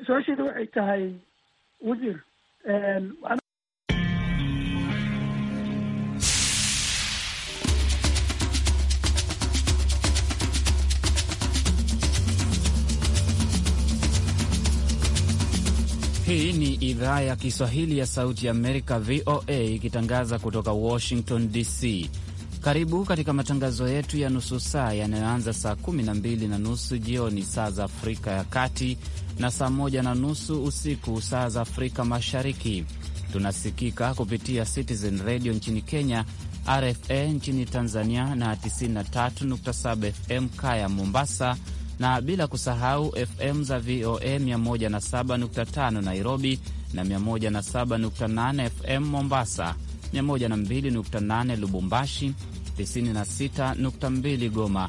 su-aasheeda waxay tahay wasiir Hii ni idhaa ya Kiswahili ya Sauti Amerika, VOA, ikitangaza kutoka Washington DC. Karibu katika matangazo yetu ya nusu saa yanayoanza saa 12 na nusu jioni saa za Afrika ya Kati na saa moja na nusu usiku saa za Afrika Mashariki. Tunasikika kupitia Citizen Radio nchini Kenya, RFA nchini Tanzania na 93.7 FM Kaya Mombasa, na bila kusahau FM za VOA 107.5 Nairobi na 107.8 FM Mombasa, 102.8 Lubumbashi, 96.2 Goma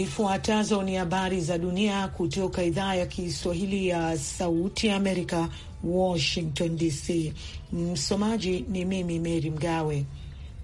Zifuatazo ni habari za dunia kutoka idhaa ya Kiswahili ya Sauti ya Amerika, Washington DC. Msomaji ni mimi mery Mgawe.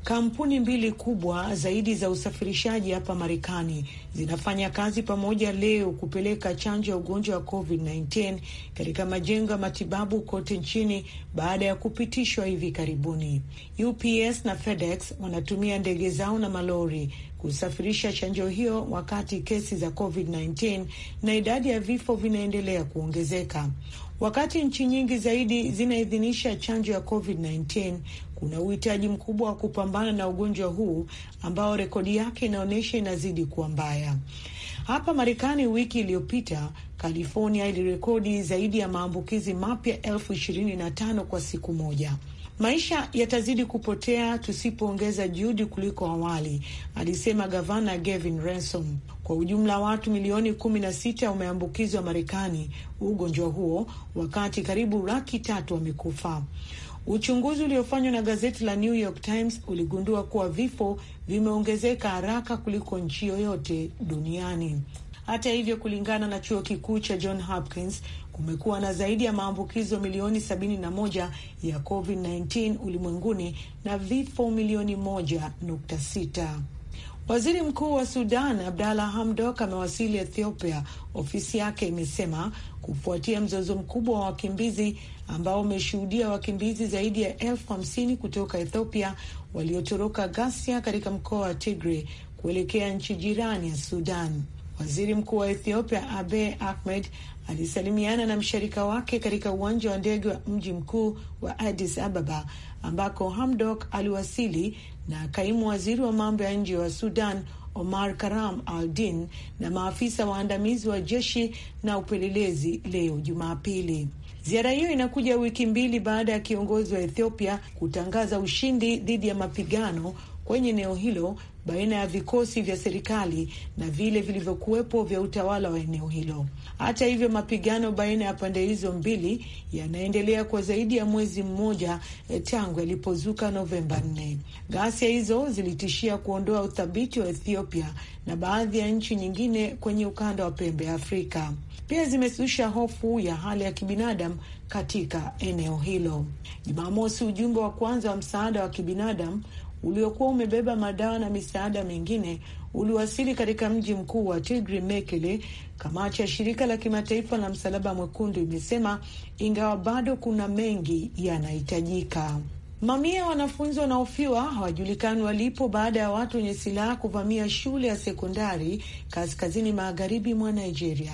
Kampuni mbili kubwa zaidi za usafirishaji hapa Marekani zinafanya kazi pamoja leo kupeleka chanjo ya ugonjwa wa COVID-19 katika majengo ya matibabu kote nchini baada ya kupitishwa hivi karibuni. UPS na FedEx wanatumia ndege zao na malori kusafirisha chanjo hiyo wakati kesi za COVID-19 na idadi ya vifo vinaendelea kuongezeka. Wakati nchi nyingi zaidi zinaidhinisha chanjo ya COVID-19, kuna uhitaji mkubwa wa kupambana na ugonjwa huu ambao rekodi yake inaonyesha inazidi kuwa mbaya. Hapa Marekani wiki iliyopita, California ilirekodi zaidi ya maambukizi mapya elfu ishirini na tano kwa siku moja. Maisha yatazidi kupotea tusipoongeza juhudi kuliko awali, alisema gavana Gavin Ransom. Kwa ujumla watu milioni kumi na sita wameambukizwa Marekani ugonjwa huo, wakati karibu laki tatu wamekufa. Uchunguzi uliofanywa na gazeti la New York Times uligundua kuwa vifo vimeongezeka haraka kuliko nchi yoyote duniani. Hata hivyo, kulingana na chuo kikuu cha John Hopkins, kumekuwa na zaidi ya maambukizo milioni 71 ya COVID-19 ulimwenguni na vifo milioni 1.6. Waziri Mkuu wa Sudan Abdalla Hamdok amewasili Ethiopia, ofisi yake imesema, kufuatia mzozo mkubwa wa wakimbizi ambao umeshuhudia wakimbizi zaidi ya elfu hamsini kutoka Ethiopia waliotoroka ghasia katika mkoa wa tigre kuelekea nchi jirani ya Sudan. Waziri Mkuu wa Ethiopia Abiy Ahmed alisalimiana na mshirika wake katika uwanja wa ndege wa mji mkuu wa Addis Ababa ambako Hamdok aliwasili na kaimu waziri wa mambo ya nje wa Sudan Omar Karam al-Din na maafisa waandamizi wa jeshi na upelelezi leo Jumapili. Ziara hiyo inakuja wiki mbili baada ya kiongozi wa Ethiopia kutangaza ushindi dhidi ya mapigano kwenye eneo hilo baina ya vikosi vya serikali na vile vilivyokuwepo vya utawala wa eneo hilo. Hata hivyo, mapigano baina ya pande hizo mbili yanaendelea kwa zaidi ya mwezi mmoja eh, tangu yalipozuka Novemba 4. Ghasia hizo zilitishia kuondoa uthabiti wa Ethiopia na baadhi ya nchi nyingine kwenye ukanda wa pembe ya Afrika. Pia zimesusha hofu ya hali ya kibinadamu katika eneo hilo. Jumamosi, ujumbe wa kwanza wa msaada wa kibinadamu uliokuwa umebeba madawa na misaada mingine uliwasili katika mji mkuu wa Tigri, Mekele. Kamati ya shirika la kimataifa la Msalaba Mwekundu imesema ingawa bado kuna mengi yanahitajika. Mamia ya wanafunzi wanaofiwa hawajulikani walipo baada ya watu wenye silaha kuvamia shule ya sekondari kaskazini magharibi mwa Nigeria.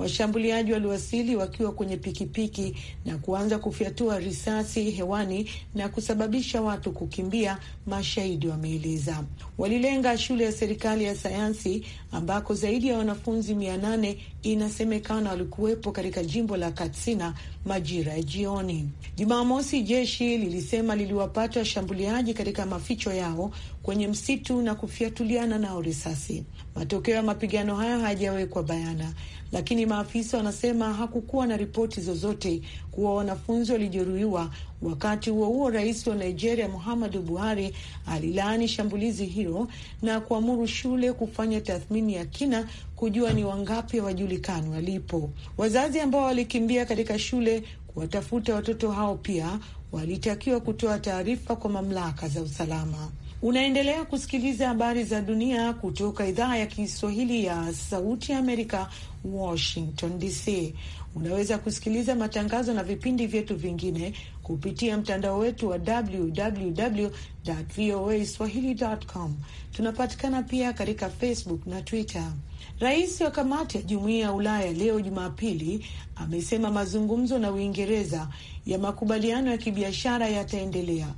Washambuliaji waliwasili wakiwa kwenye pikipiki na kuanza kufyatua risasi hewani na kusababisha watu kukimbia, mashahidi wameeleza. Walilenga shule ya serikali ya sayansi ambako zaidi ya wanafunzi mia nane inasemekana walikuwepo katika jimbo la Katsina majira ya jioni. Jumamosi, jeshi lilisema liliwapata washambuliaji katika maficho yao kwenye msitu na kufyatuliana nao risasi. Matokeo ya mapigano hayo hayajawekwa bayana, lakini maafisa wanasema hakukuwa na ripoti zozote kuwa wanafunzi walijeruhiwa. Wakati huo huo, rais wa Nigeria Muhammadu Buhari alilaani shambulizi hilo na kuamuru shule kufanya tathmini ya kina kujua ni wangapi wajulikani walipo. Wazazi ambao walikimbia katika shule kuwatafuta watoto hao pia walitakiwa kutoa taarifa kwa mamlaka za usalama. Unaendelea kusikiliza habari za dunia kutoka idhaa ya Kiswahili ya Sauti ya Amerika, Washington DC. Unaweza kusikiliza matangazo na vipindi vyetu vingine kupitia mtandao wetu wa www voa swahili.com. Tunapatikana pia katika Facebook na Twitter. Rais wa kamati ya jumuiya ya Ulaya leo Jumapili amesema mazungumzo na Uingereza ya makubaliano ya kibiashara yataendelea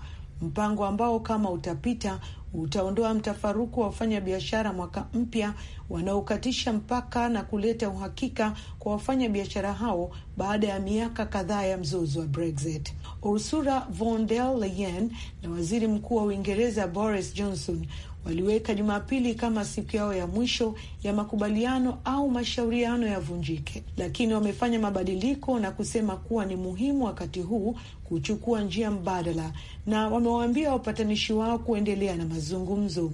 mpango ambao kama utapita utaondoa mtafaruku wa wafanyabiashara mwaka mpya wanaokatisha mpaka na kuleta uhakika kwa wafanyabiashara hao baada ya miaka kadhaa ya mzozo wa Brexit. Ursula von der Leyen na waziri mkuu wa Uingereza Boris Johnson waliweka Jumapili kama siku yao ya mwisho ya makubaliano au mashauriano yavunjike, lakini wamefanya mabadiliko na kusema kuwa ni muhimu wakati huu kuchukua njia mbadala na wamewaambia wapatanishi wao kuendelea na mazungumzo.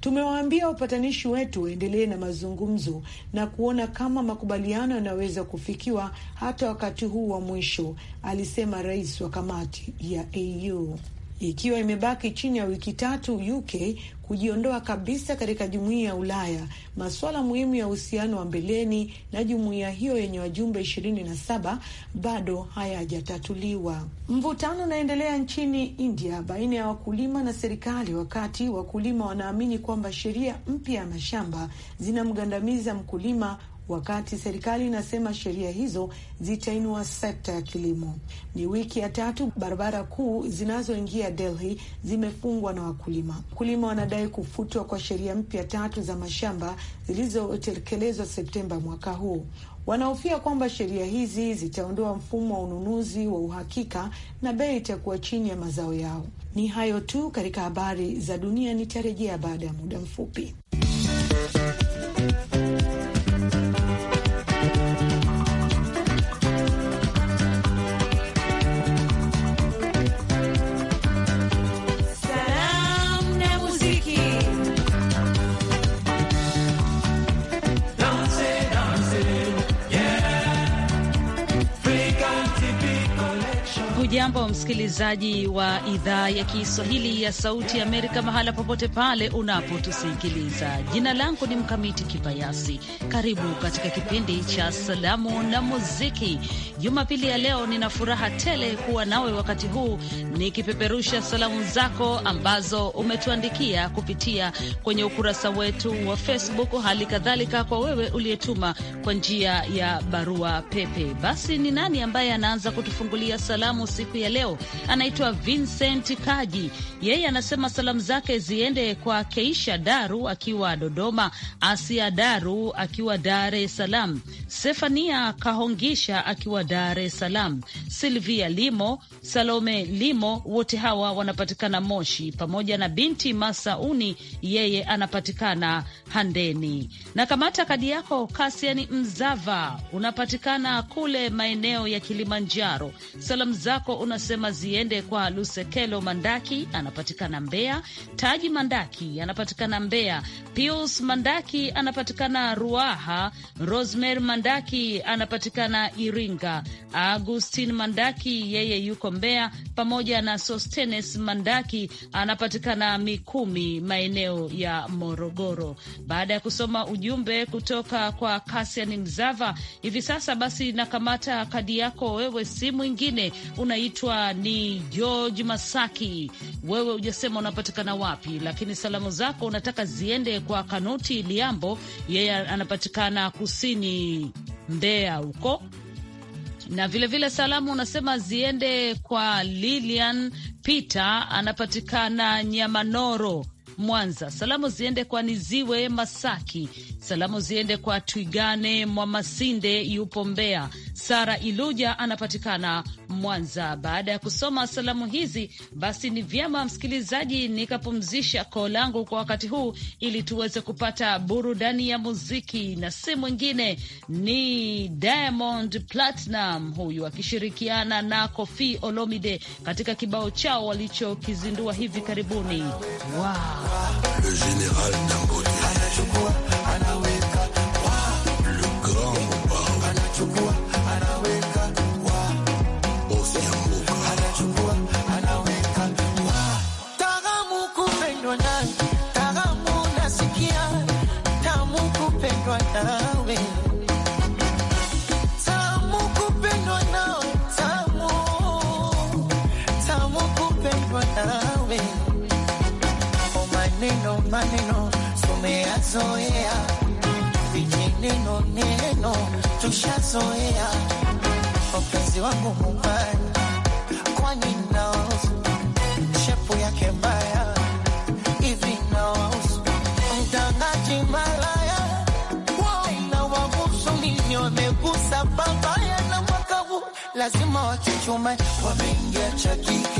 Tumewaambia wapatanishi wetu waendelee na mazungumzo na kuona kama makubaliano yanaweza kufikiwa hata wakati huu wa mwisho, alisema rais wa kamati ya AU ikiwa imebaki chini ya wiki tatu UK kujiondoa kabisa katika jumuiya ya Ulaya, masuala muhimu ya uhusiano wa mbeleni na jumuiya hiyo yenye wajumbe ishirini na saba bado hayajatatuliwa. Mvutano unaendelea nchini India baina ya wakulima na serikali, wakati wakulima wanaamini kwamba sheria mpya ya mashamba zinamgandamiza mkulima wakati serikali inasema sheria hizo zitainua sekta ya kilimo. Ni wiki ya tatu barabara kuu zinazoingia Delhi zimefungwa na wakulima. Wakulima wanadai kufutwa kwa sheria mpya tatu za mashamba zilizotekelezwa Septemba mwaka huu. Wanahofia kwamba sheria hizi zitaondoa mfumo wa ununuzi wa uhakika na bei itakuwa chini ya mazao yao. Ni hayo tu katika habari za dunia, nitarejea baada ya muda mfupi. msikilizaji wa idhaa ya Kiswahili ya Sauti ya Amerika, mahala popote pale unapotusikiliza. Jina langu ni Mkamiti Kibayasi. Karibu katika kipindi cha Salamu na Muziki Jumapili ya leo. Nina furaha tele kuwa nawe wakati huu nikipeperusha salamu zako ambazo umetuandikia kupitia kwenye ukurasa wetu wa Facebook, hali kadhalika kwa wewe uliyetuma kwa njia ya barua pepe. Basi ni nani ambaye anaanza kutufungulia salamu siku ya leo? leo anaitwa Vincent Kaji. Yeye anasema salamu zake ziende kwa Keisha Daru akiwa Dodoma, Asia Daru akiwa Dar es Salaam, Sefania Kahongisha akiwa Dar es Salaam, Silvia Limo, Salome Limo, wote hawa wanapatikana Moshi, pamoja na binti Masauni, yeye anapatikana Handeni. Na kamata kadi yako, Kasiani Mzava, unapatikana kule maeneo ya Kilimanjaro. Salamu zako unasema ziende kwa Lusekelo Mandaki, anapatikana Mbeya, Taji Mandaki anapatikana Mbeya, Pius Mandaki anapatikana Ruaha, Rosemary Mandaki anapatikana Iringa, Agustin Mandaki yeye yuko Mbeya, pamoja na Sostenes Mandaki anapatikana Mikumi, maeneo ya Morogoro. Baada ya kusoma ujumbe kutoka kwa kasiani Mzava, hivi sasa basi nakamata kadi yako wewe, si mwingine unaitwa ni George Masaki. Wewe ujasema unapatikana wapi, lakini salamu zako unataka ziende kwa Kanuti Liambo, yeye anapatikana kusini Mbeya huko na vilevile vile salamu unasema ziende kwa Lilian Peter, anapatikana Nyamanoro Mwanza. Salamu ziende kwa Niziwe Masaki, Salamu ziende kwa Twigane Mwamasinde, yupo Mbeya. Sara Iluja anapatikana Mwanza. Baada ya kusoma salamu hizi, basi ni vyema msikilizaji nikapumzisha koo langu kwa wakati huu, ili tuweze kupata burudani ya muziki, na si mwingine ni Diamond Platinum, huyu akishirikiana na Kofi Olomide katika kibao chao walichokizindua hivi karibuni. Wow. Le anachukua nishazoea wapenzi wangu mubaya, kwani naosu shepu yake mbaya hivi naosu mtangaji malaya na wagusu nini wamegusa babaya na mwakavu lazima wakichume wameingia chakiki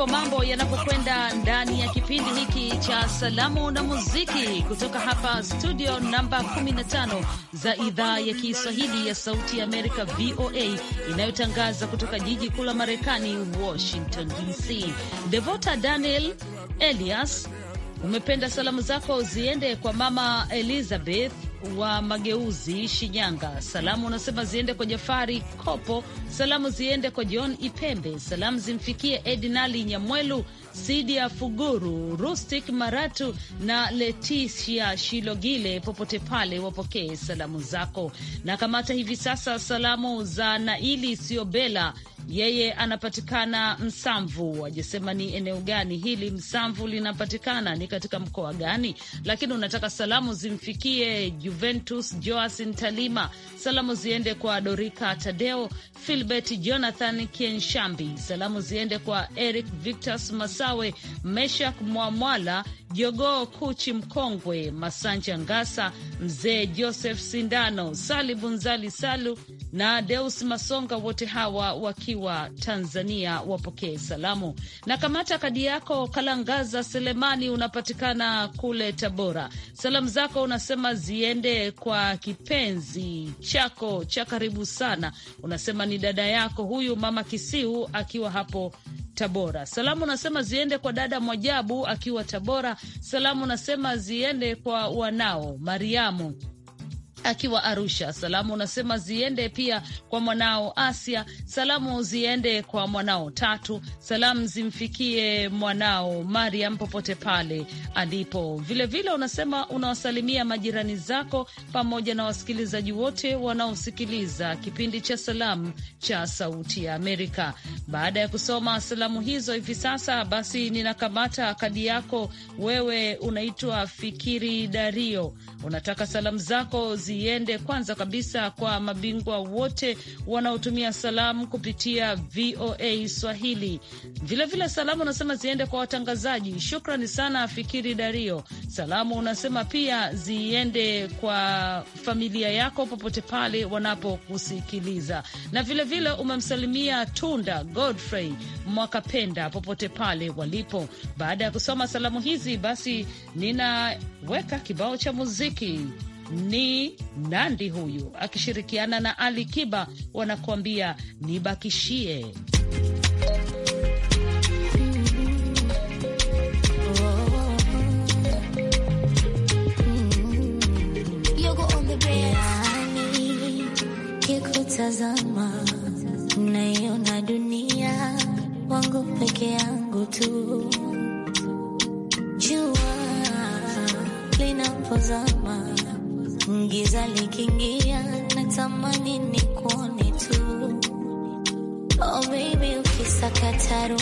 ndivyo mambo yanapokwenda ndani ya kipindi hiki cha salamu na muziki kutoka hapa studio namba 15 za idhaa ya Kiswahili ya Sauti ya Amerika, VOA, inayotangaza kutoka jiji kuu la Marekani, Washington DC. Devota Daniel Elias, umependa salamu zako ziende kwa Mama Elizabeth wa Mageuzi Shinyanga. Salamu unasema ziende kwa Jafari Kopo, salamu ziende kwa John Ipembe, salamu zimfikie Edinali Nyamwelu, Sidia Fuguru, Rustic Maratu na Leticia Shilogile, popote pale wapokee salamu zako. Na kamata hivi sasa salamu za Naili Siobela, yeye anapatikana Msamvu. Wajasema ni eneo gani hili Msamvu linapatikana, ni katika mkoa gani? Lakini unataka salamu zimfikie Juventus Joasin Talima, salamu ziende kwa Dorika Tadeo, Filbert Jonathan Kienshambi, salamu ziende kwa Eric Victos Mas Masawe, Meshak Mwamwala, Jogoo Kuchi Mkongwe, Masanja Ngasa, Mzee Joseph Sindano, Sali Bunzali Salu na Deus Masonga, wote hawa wakiwa Tanzania, wapokee salamu. Na kamata kadi yako Kalangaza Selemani, unapatikana kule Tabora. Salamu zako unasema ziende kwa kipenzi chako cha karibu sana, unasema ni dada yako huyu Mama Kisiu akiwa hapo Tabora. Salamu unasema ziende kwa dada Mwajabu akiwa Tabora, salamu nasema ziende kwa wanao Mariamu akiwa Arusha. Salamu unasema ziende pia kwa mwanao Asia, salamu ziende kwa mwanao Tatu, salamu zimfikie mwanao Mariam popote pale alipo. Vilevile vile unasema unawasalimia majirani zako pamoja na wasikilizaji wote wanaosikiliza kipindi cha Salamu cha Sauti ya Amerika. Baada ya kusoma salamu hizo hivi sasa, basi ninakamata kadi yako wewe, unaitwa Fikiri Dario, unataka salamu zako zi ziende kwanza kabisa kwa mabingwa wote wanaotumia salamu kupitia VOA Swahili. Vilevile salamu unasema ziende kwa watangazaji, shukrani sana Fikiri Dario. Salamu unasema pia ziende kwa familia yako popote pale wanapokusikiliza, na vilevile umemsalimia Tunda Godfrey Mwakapenda popote pale walipo. Baada ya kusoma salamu hizi, basi ninaweka kibao cha muziki ni Nandi huyu akishirikiana na Ali Kiba wanakuambia nibakishie. Kikutazama naiona dunia wangu peke yangu tu, jua linapozama Giza likiingia natamani ni kuone tu. Oh baby, ukisakata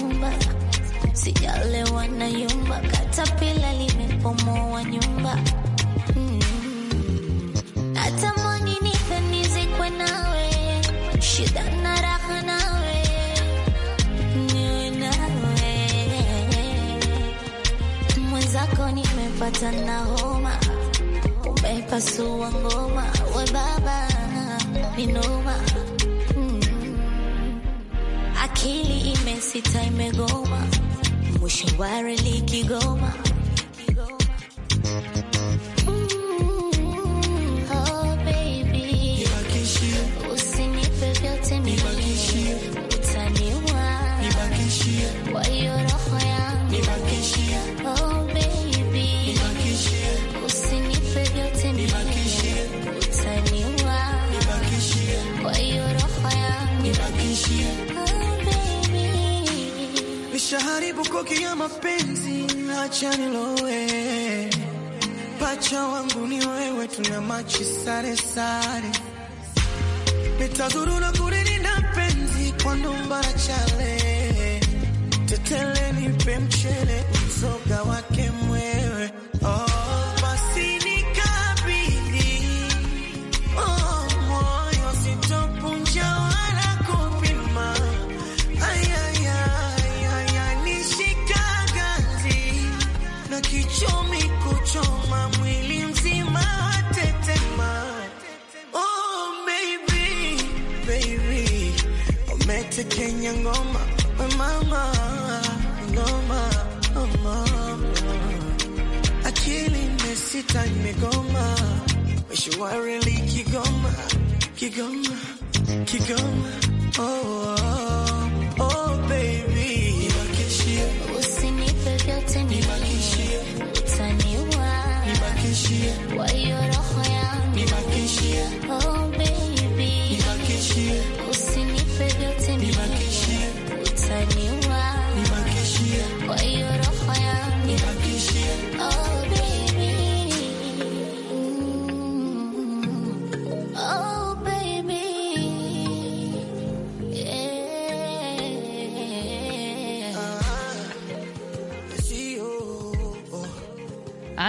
sijalewa na yumba, katapila limepomoa nyumba mm. nawe, raha nawe, mwenzako, nimepata na homa Pasua ngoma we baba minoma mm. Akili imesita imegoma, mwisho ware likigoma Mkuki mapenzi acha nilowe, pacha wangu ni wewe, tuna machi sare sare, nitazuru na kulilinda penzi kwa ndomba chale, tetele nipe mchele, mzoga wake kwenye ngoma we mama, noma, noma, akili imesita imegoma, meshuwareli Kigoma, Kigoma, Kigoma, oh, oh, oh baby, usinipe vyote utaniua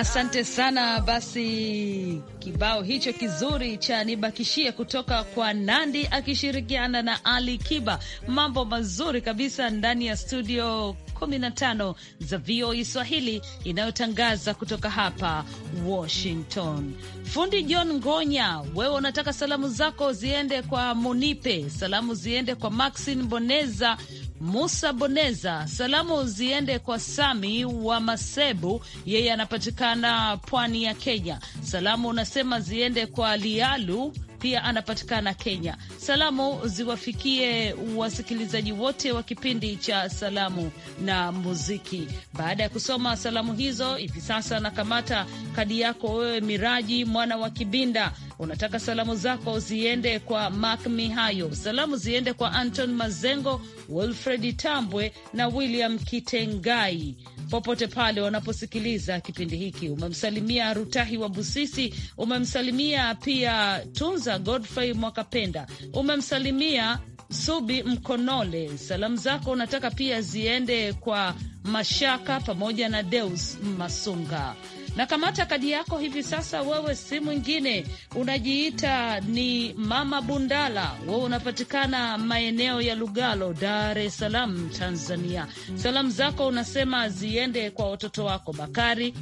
Asante sana. Basi kibao hicho kizuri cha nibakishie kutoka kwa Nandi akishirikiana na Ali Kiba, mambo mazuri kabisa ndani ya studio 15 za VOA e Swahili inayotangaza kutoka hapa Washington. Fundi John Ngonya, wewe unataka salamu zako ziende kwa Monipe, salamu ziende kwa Maxin Boneza, Musa Boneza, salamu ziende kwa Sami wa Masebu, yeye anapatikana pwani ya Kenya. Salamu unasema ziende kwa Lialu pia anapatikana Kenya. Salamu ziwafikie wasikilizaji wote wa kipindi cha Salamu na Muziki. Baada ya kusoma salamu hizo, hivi sasa nakamata kadi yako wewe, Miraji mwana wa Kibinda. Unataka salamu zako ziende kwa Mak Mihayo, salamu ziende kwa Anton Mazengo, Wilfred Tambwe na William Kitengai popote pale wanaposikiliza kipindi hiki. Umemsalimia Rutahi wa Busisi, umemsalimia pia Tunza Godfrey Mwakapenda, umemsalimia Subi Mkonole. Salamu zako unataka pia ziende kwa Mashaka pamoja na Deus Masunga na kamata kadi yako hivi sasa. Wewe si mwingine, unajiita ni Mama Bundala, wewe unapatikana maeneo ya Lugalo, Dar es Salaam, Tanzania. Salamu zako unasema ziende kwa watoto wako Bakari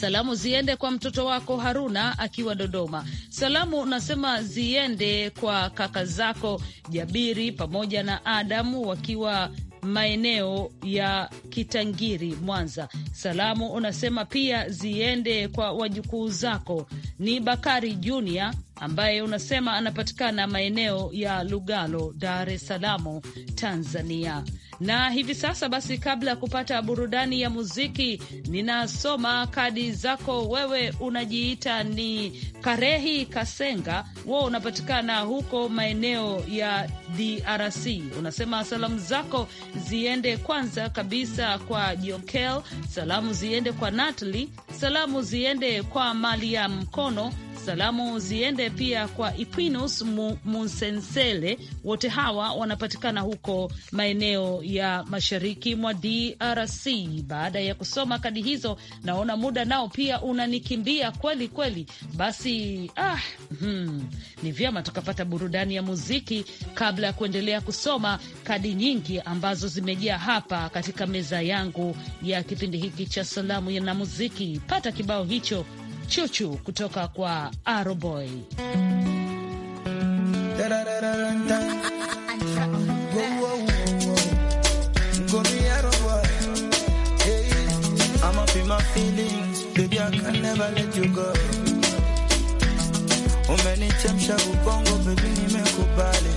salamu ziende kwa mtoto wako Haruna akiwa Dodoma. Salamu unasema ziende kwa kaka zako Jabiri pamoja na Adamu wakiwa maeneo ya Kitangiri, Mwanza. Salamu unasema pia ziende kwa wajukuu zako ni Bakari Junior ambaye unasema anapatikana maeneo ya Lugalo, Dar es Salaam, Tanzania. Na hivi sasa basi, kabla ya kupata burudani ya muziki, ninasoma kadi zako. Wewe unajiita ni Karehi Kasenga, wo unapatikana huko maeneo ya DRC. Unasema salamu zako ziende kwanza kabisa kwa Jokel, salamu ziende kwa Natali, salamu ziende kwa ya mkono Salamu ziende pia kwa Ipinus Munsensele. Wote hawa wanapatikana huko maeneo ya mashariki mwa DRC. Baada ya kusoma kadi hizo, naona muda nao pia unanikimbia kweli kweli. Basi ah, hmm, ni vyema tukapata burudani ya muziki kabla ya kuendelea kusoma kadi nyingi ambazo zimejaa hapa katika meza yangu ya kipindi hiki cha salamu na muziki. Pata kibao hicho chuchu kutoka kwa Aroboy. Umenichemsha ubongo baby, nimekubali.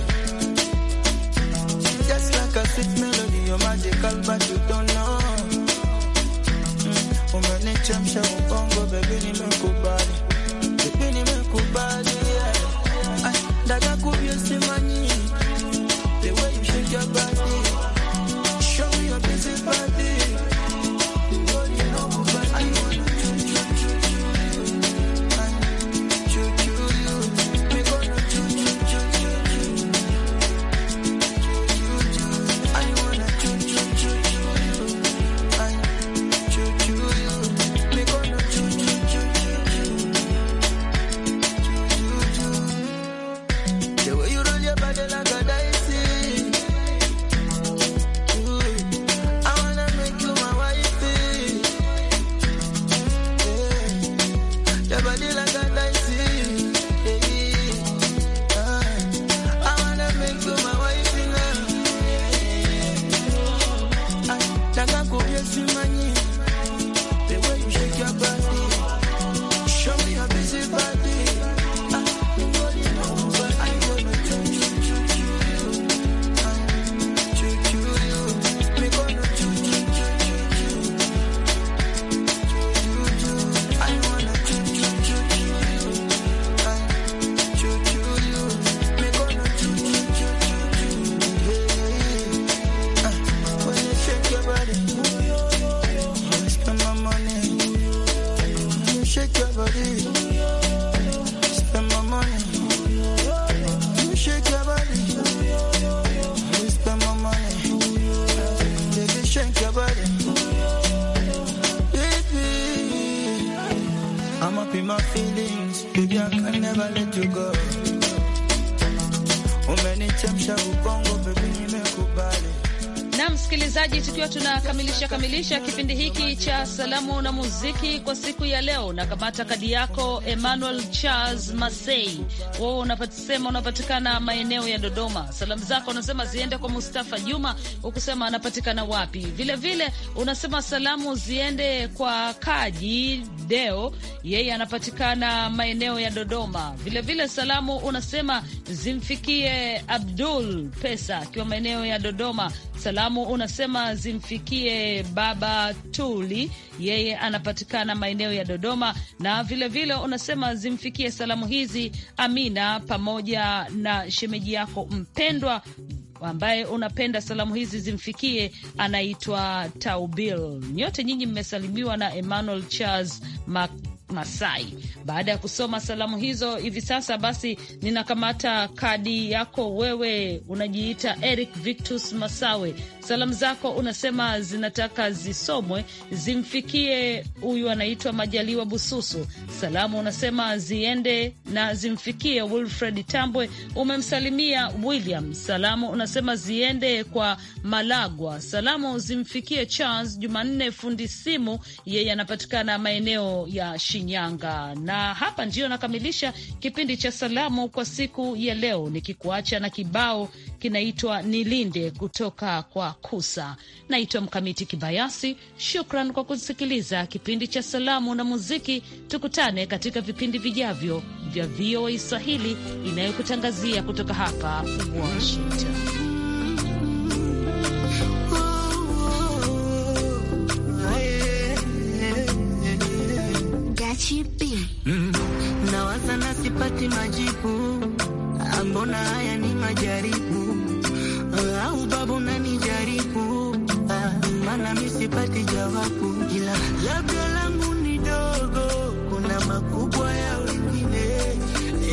Just like a sweet melody, you're magical but you don't umenichemsha ubongo, baby, nimekubali msikilizaji, tukiwa tunakamilisha kamilisha kipindi hiki cha salamu na muziki kwa siku ya leo, na kamata kadi yako Emmanuel Charles Masei, wewe unasema unapatikana maeneo ya Dodoma. Salamu zako unasema ziende kwa Mustafa Juma, ukusema anapatikana wapi? Vilevile vile, unasema salamu ziende kwa Kaji Deo, yeye anapatikana maeneo ya Dodoma. Vilevile vile, salamu unasema zimfikie Abdul Pesa akiwa maeneo ya Dodoma. Salamu unasema anasema zimfikie Baba Tuli, yeye anapatikana maeneo ya Dodoma, na vilevile vile unasema zimfikie salamu hizi Amina pamoja na shemeji yako mpendwa ambaye unapenda salamu hizi zimfikie, anaitwa Taubil. Nyote nyinyi mmesalimiwa na Emmanuel Charles Mac Masai. Baada ya kusoma salamu hizo, hivi sasa basi ninakamata kadi yako wewe, unajiita Eric Victus Masawe. Salamu zako unasema zinataka zisomwe zimfikie huyu anaitwa Majaliwa Bususu. Salamu unasema ziende na zimfikie Wilfred Tambwe, umemsalimia William. Salamu unasema ziende kwa Malagwa. Salamu zimfikie Charles Jumanne fundi simu, yeye anapatikana maeneo ya shi Shinyanga. Na hapa ndio nakamilisha kipindi cha salamu kwa siku ya leo, nikikuacha na kibao kinaitwa Nilinde kutoka kwa Kusa. Naitwa Mkamiti Kibayasi. Shukran kwa kusikiliza kipindi cha salamu na muziki. Tukutane katika vipindi vijavyo vya VOA Swahili inayokutangazia kutoka hapa Washington. ya chipi mm -hmm. Nawaza sipati majibu, ambona haya ni majaribu uh, au babu nani jaribu, ah, maana mi sipati jawabu, ila labda langu ni dogo, kuna makubwa ya wengine,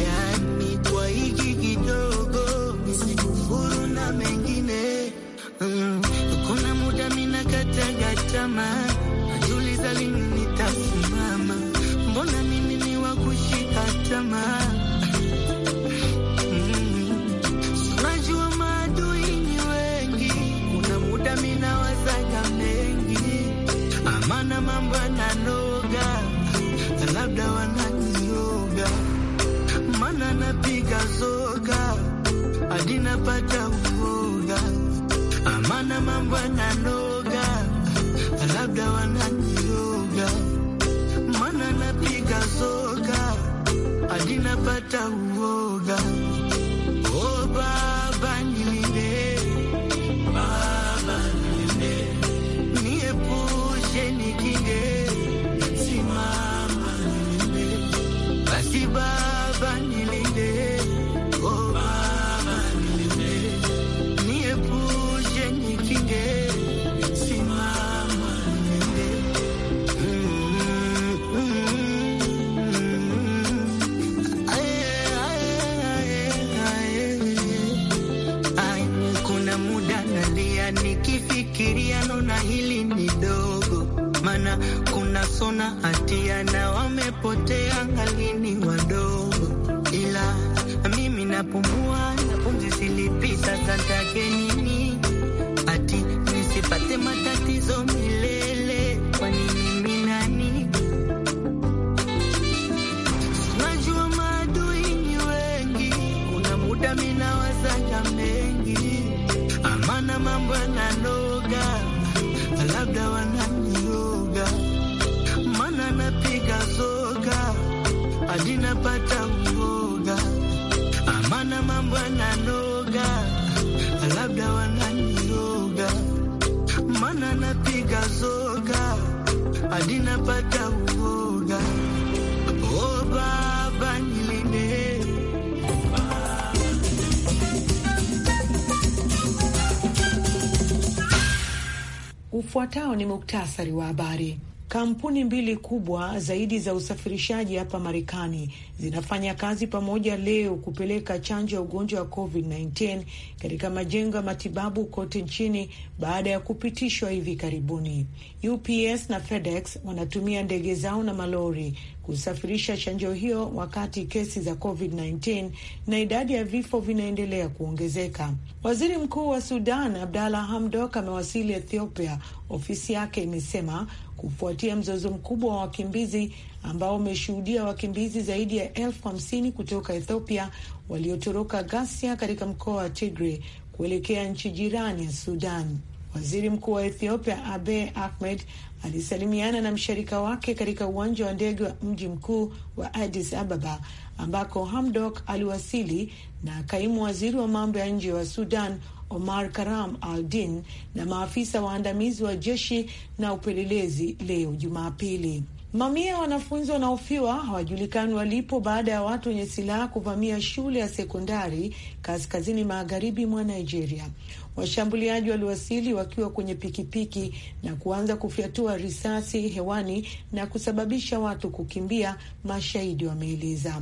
yani kwa hiki kidogo sikufuru na mengine mm. Kuna muda minakatagatamaa kwamba nanoga, labda wananioga, mana napiga soga hadi napata uoga. wametiana wamepotea, ngalini wadogo, ila mimi napumua na pumzi zilipita, sasa nitake nini ati nisipate matatizo Ufuatao ni muktasari wa habari. Kampuni mbili kubwa zaidi za usafirishaji hapa Marekani zinafanya kazi pamoja leo kupeleka chanjo ya ugonjwa wa COVID-19 katika majengo ya matibabu kote nchini baada ya kupitishwa hivi karibuni. UPS na FedEx wanatumia ndege zao na malori kusafirisha chanjo hiyo wakati kesi za COVID-19 na idadi ya vifo vinaendelea kuongezeka. Waziri Mkuu wa Sudan Abdalla Hamdok amewasili Ethiopia, ofisi yake imesema kufuatia mzozo mkubwa wa wakimbizi ambao umeshuhudia wakimbizi zaidi ya elfu hamsini kutoka Ethiopia waliotoroka ghasia katika mkoa wa tigre kuelekea nchi jirani ya Sudan. Waziri mkuu wa Ethiopia Abe Ahmed alisalimiana na mshirika wake katika uwanja wa ndege wa mji mkuu wa Addis Ababa ambako Hamdok aliwasili na kaimu waziri wa mambo ya nje wa Sudan Omar Karam al-Din na maafisa waandamizi wa jeshi na upelelezi leo Jumapili. Mamia ya wanafunzi wanaofiwa hawajulikani walipo baada ya watu wenye silaha kuvamia shule ya sekondari kaskazini magharibi mwa Nigeria. Washambuliaji waliwasili wakiwa kwenye pikipiki na kuanza kufyatua risasi hewani na kusababisha watu kukimbia, mashahidi wameeleza.